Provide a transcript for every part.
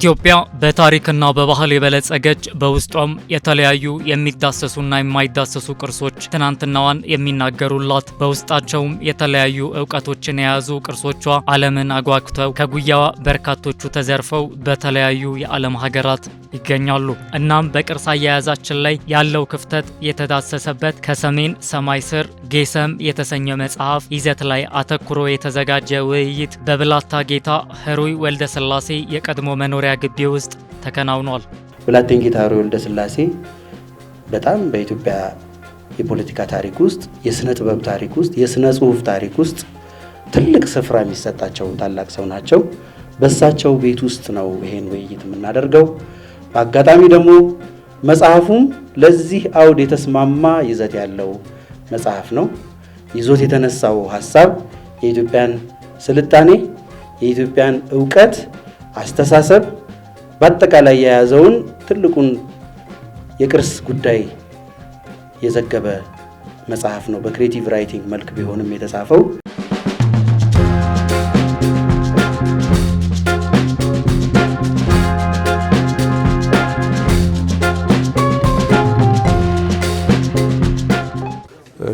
ኢትዮጵያ በታሪክና በባህል የበለጸገች በውስጧም የተለያዩ የሚዳሰሱና የማይዳሰሱ ቅርሶች ትናንትናዋን የሚናገሩላት በውስጣቸውም የተለያዩ እውቀቶችን የያዙ ቅርሶቿ ዓለምን አጓግተው ከጉያዋ በርካቶቹ ተዘርፈው በተለያዩ የዓለም ሀገራት ይገኛሉ። እናም በቅርስ አያያዛችን ላይ ያለው ክፍተት የተዳሰሰበት ከሰሜን ሰማይ ስር ጌሰም የተሰኘ መጽሐፍ ይዘት ላይ አተኩሮ የተዘጋጀ ውይይት በብላታ ጌታ ህሩይ ወልደ ስላሴ የቀድሞ መኖሪያ መኖሪያ ግቢ ውስጥ ተከናውኗል። ብላቴን ጌታሮ ስላሴ በጣም በኢትዮጵያ የፖለቲካ ታሪክ ውስጥ፣ የስነ ጥበብ ታሪክ ውስጥ፣ የስነ ጽሁፍ ታሪክ ውስጥ ትልቅ ስፍራ የሚሰጣቸው ታላቅ ሰው ናቸው። በእሳቸው ቤት ውስጥ ነው ይሄን ውይይት የምናደርገው። በአጋጣሚ ደግሞ መጽሐፉም ለዚህ አውድ የተስማማ ይዘት ያለው መጽሐፍ ነው። ይዞት የተነሳው ሀሳብ የኢትዮጵያን ስልጣኔ፣ የኢትዮጵያን እውቀት፣ አስተሳሰብ በአጠቃላይ የያዘውን ትልቁን የቅርስ ጉዳይ የዘገበ መጽሐፍ ነው። በክሬቲቭ ራይቲንግ መልክ ቢሆንም የተጻፈው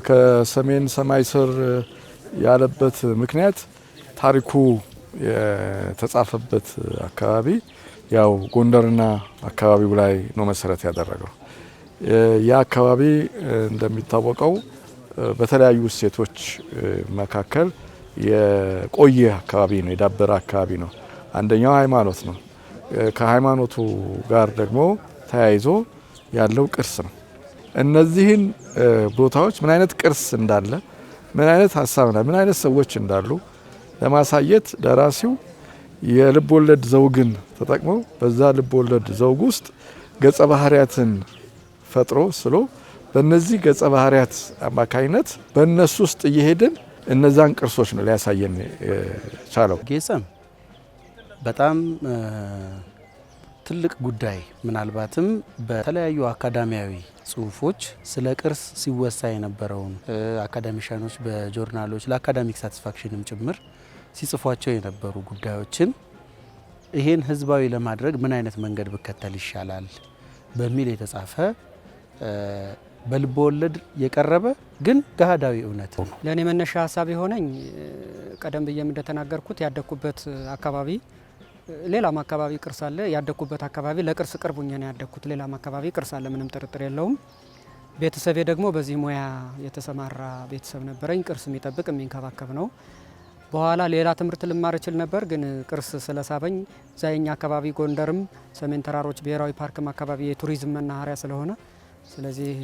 ከሰሜን ሰማይ ስር ያለበት ምክንያት ታሪኩ የተጻፈበት አካባቢ ያው ጎንደርና አካባቢው ላይ ነው መሰረት ያደረገው። ያ አካባቢ እንደሚታወቀው በተለያዩ እሴቶች መካከል የቆየ አካባቢ ነው፣ የዳበረ አካባቢ ነው። አንደኛው ሃይማኖት ነው። ከሃይማኖቱ ጋር ደግሞ ተያይዞ ያለው ቅርስ ነው። እነዚህን ቦታዎች ምን አይነት ቅርስ እንዳለ፣ ምን አይነት ሀሳብ፣ ምን አይነት ሰዎች እንዳሉ ለማሳየት ደራሲው የልብ ወለድ ዘውግን ተጠቅመው በዛ ልብ ወለድ ዘውግ ውስጥ ገጸ ባህርያትን ፈጥሮ ስሎ በእነዚህ ገጸ ባህርያት አማካኝነት በእነሱ ውስጥ እየሄድን እነዛን ቅርሶች ነው ሊያሳየን ቻለው። ጌጸም በጣም ትልቅ ጉዳይ ምናልባትም በተለያዩ አካዳሚያዊ ጽሁፎች ስለ ቅርስ ሲወሳ የነበረውን አካዳሚሻኖች በጆርናሎች ለአካዳሚክ ሳቲስፋክሽንም ጭምር ሲጽፏቸው የነበሩ ጉዳዮችን ይሄን ህዝባዊ ለማድረግ ምን አይነት መንገድ ብከተል ይሻላል በሚል የተጻፈ በልብ ወለድ የቀረበ ግን ገሃዳዊ እውነት ነው። ለእኔ መነሻ ሀሳብ የሆነኝ ቀደም ብዬም እንደተናገርኩት ያደግኩበት አካባቢ ሌላም አካባቢ ቅርስ አለ። ያደግኩበት አካባቢ ለቅርስ ቅርብ ሆኜ ነው ያደግኩት። ሌላም አካባቢ ቅርስ አለ፣ ምንም ጥርጥር የለውም። ቤተሰቤ ደግሞ በዚህ ሙያ የተሰማራ ቤተሰብ ነበረኝ። ቅርስ የሚጠብቅ የሚንከባከብ ነው። በኋላ ሌላ ትምህርት ልማር እችል ነበር፣ ግን ቅርስ ስለሳበኝ ዛይኛ አካባቢ ጎንደርም ሰሜን ተራሮች ብሔራዊ ፓርክም አካባቢ የቱሪዝም መናኸሪያ ስለሆነ ስለዚህ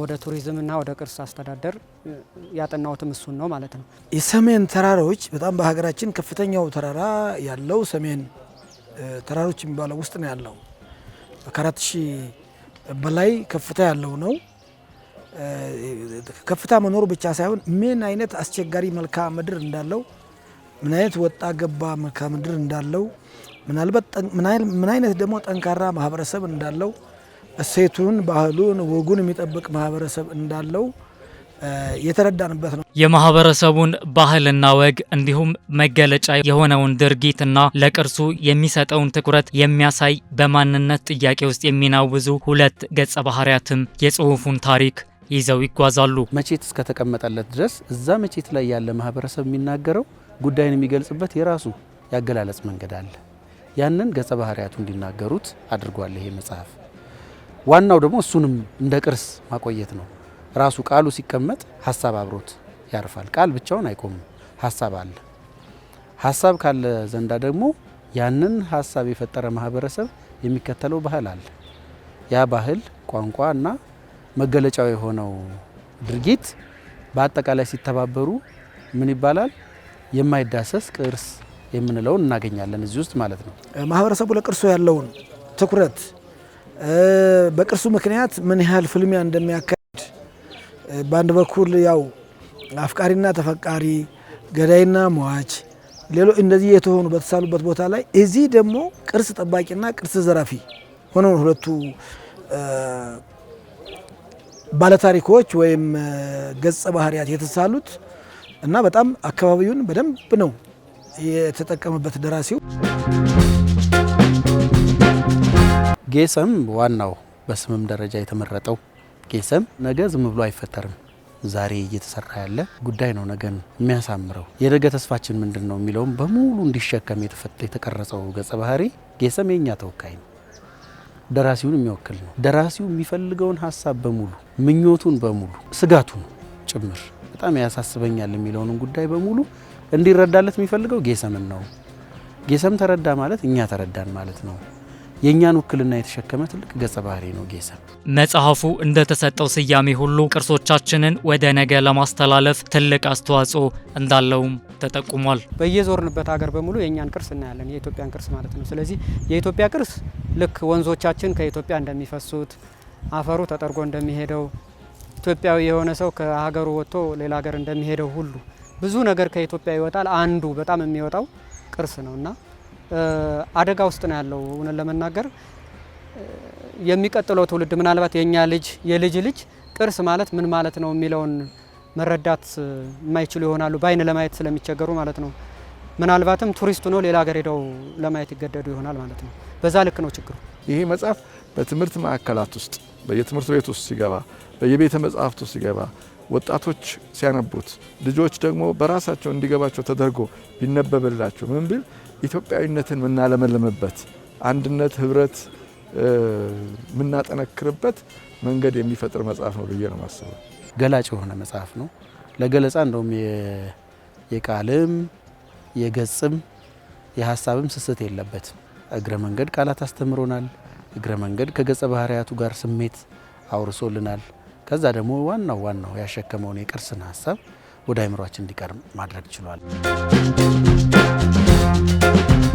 ወደ ቱሪዝምና ወደ ቅርስ አስተዳደር ያጠናሁትም እሱን ነው ማለት ነው። የሰሜን ተራሮች በጣም በሀገራችን ከፍተኛው ተራራ ያለው ሰሜን ተራሮች የሚባለው ውስጥ ነው ያለው ከአራት ሺህ በላይ ከፍታ ያለው ነው። ከፍታ መኖሩ ብቻ ሳይሆን ምን አይነት አስቸጋሪ መልክዓ ምድር እንዳለው፣ ምን አይነት ወጣ ገባ መልክዓ ምድር እንዳለው፣ ምናልባት ምን አይነት ደግሞ ጠንካራ ማህበረሰብ እንዳለው፣ እሴቱን፣ ባህሉን፣ ወጉን የሚጠብቅ ማህበረሰብ እንዳለው የተረዳንበት ነው። የማህበረሰቡን ባህልና ወግ እንዲሁም መገለጫ የሆነውን ድርጊትና ለቅርሱ የሚሰጠውን ትኩረት የሚያሳይ በማንነት ጥያቄ ውስጥ የሚናውዙ ሁለት ገጸ ባህርያትም የጽሁፉን ታሪክ ይዘው ይጓዛሉ። መቼት እስከተቀመጠለት ድረስ እዛ መቼት ላይ ያለ ማህበረሰብ የሚናገረው ጉዳይን የሚገልጽበት የራሱ ያገላለጽ መንገድ አለ። ያንን ገጸ ባህሪያቱ እንዲናገሩት አድርጓል ይሄ መጽሐፍ። ዋናው ደግሞ እሱንም እንደ ቅርስ ማቆየት ነው። ራሱ ቃሉ ሲቀመጥ ሀሳብ አብሮት ያርፋል። ቃል ብቻውን አይቆምም፣ ሀሳብ አለ። ሀሳብ ካለ ዘንዳ ደግሞ ያንን ሀሳብ የፈጠረ ማህበረሰብ የሚከተለው ባህል አለ። ያ ባህል ቋንቋ እና መገለጫው የሆነው ድርጊት በአጠቃላይ ሲተባበሩ ምን ይባላል? የማይዳሰስ ቅርስ የምንለውን እናገኛለን እዚህ ውስጥ ማለት ነው። ማህበረሰቡ ለቅርሱ ያለውን ትኩረት በቅርሱ ምክንያት ምን ያህል ፍልሚያ እንደሚያካሂድ በአንድ በኩል ያው አፍቃሪና ተፈቃሪ፣ ገዳይና ሟች ሌሎች እንደዚህ የተሆኑ በተሳሉበት ቦታ ላይ እዚህ ደግሞ ቅርስ ጠባቂና ቅርስ ዘራፊ ሆነው ሁለቱ ባለታሪኮች ወይም ገጸ ባህሪያት የተሳሉት እና በጣም አካባቢውን በደንብ ነው የተጠቀመበት ደራሲው። ጌሰም ዋናው በስምም ደረጃ የተመረጠው ጌሰም ነገ ዝም ብሎ አይፈጠርም። ዛሬ እየተሰራ ያለ ጉዳይ ነው ነገን የሚያሳምረው። የነገ ተስፋችን ምንድን ነው የሚለውም በሙሉ እንዲሸከም የተቀረጸው ገጸ ባህሪ ጌሰም የእኛ ተወካይ ነው። ደራሲውን የሚወክል ነው። ደራሲው የሚፈልገውን ሀሳብ በሙሉ ምኞቱን በሙሉ ስጋቱን ጭምር በጣም ያሳስበኛል የሚለውንም ጉዳይ በሙሉ እንዲረዳለት የሚፈልገው ጌሰምን ነው። ጌሰም ተረዳ ማለት እኛ ተረዳን ማለት ነው። የእኛን ውክልና የተሸከመ ትልቅ ገጸ ባህሪ ነው ጌሰ። መጽሐፉ እንደተሰጠው ስያሜ ሁሉ ቅርሶቻችንን ወደ ነገ ለማስተላለፍ ትልቅ አስተዋጽኦ እንዳለውም ተጠቁሟል። በየዞርንበት ሀገር በሙሉ የእኛን ቅርስ እናያለን፣ የኢትዮጵያን ቅርስ ማለት ነው። ስለዚህ የኢትዮጵያ ቅርስ ልክ ወንዞቻችን ከኢትዮጵያ እንደሚፈሱት አፈሩ ተጠርጎ እንደሚሄደው ኢትዮጵያዊ የሆነ ሰው ከሀገሩ ወጥቶ ሌላ ሀገር እንደሚሄደው ሁሉ ብዙ ነገር ከኢትዮጵያ ይወጣል። አንዱ በጣም የሚወጣው ቅርስ ነውና አደጋ ውስጥ ነው ያለው። እውነት ለመናገር የሚቀጥለው ትውልድ ምናልባት የእኛ ልጅ የልጅ ልጅ ቅርስ ማለት ምን ማለት ነው የሚለውን መረዳት የማይችሉ ይሆናሉ፣ በአይን ለማየት ስለሚቸገሩ ማለት ነው። ምናልባትም ቱሪስት ነው ሌላ ሀገር ሄደው ለማየት ይገደዱ ይሆናል ማለት ነው። በዛ ልክ ነው ችግሩ። ይሄ መጽሐፍ በትምህርት ማዕከላት ውስጥ በየትምህርት ቤት ውስጥ ሲገባ በየቤተ መጽሐፍት ውስጥ ሲገባ ወጣቶች ሲያነቡት ልጆች ደግሞ በራሳቸው እንዲገባቸው ተደርጎ ቢነበብላቸው ምን ቢል ኢትዮጵያዊነትን የምናለመልምበት አንድነት፣ ህብረት የምናጠነክርበት መንገድ የሚፈጥር መጽሐፍ ነው ብዬ ነው የማስበው። ገላጭ የሆነ መጽሐፍ ነው። ለገለጻ እንደውም የቃልም የገጽም የሀሳብም ስስት የለበትም። እግረ መንገድ ቃላት አስተምሮናል። እግረ መንገድ ከገጸ ባህርያቱ ጋር ስሜት አውርሶልናል። ከዛ ደግሞ ዋናው ዋናው ያሸከመውን የቅርስን ሀሳብ ወደ አይምሯችን እንዲቀርም ማድረግ ችሏል።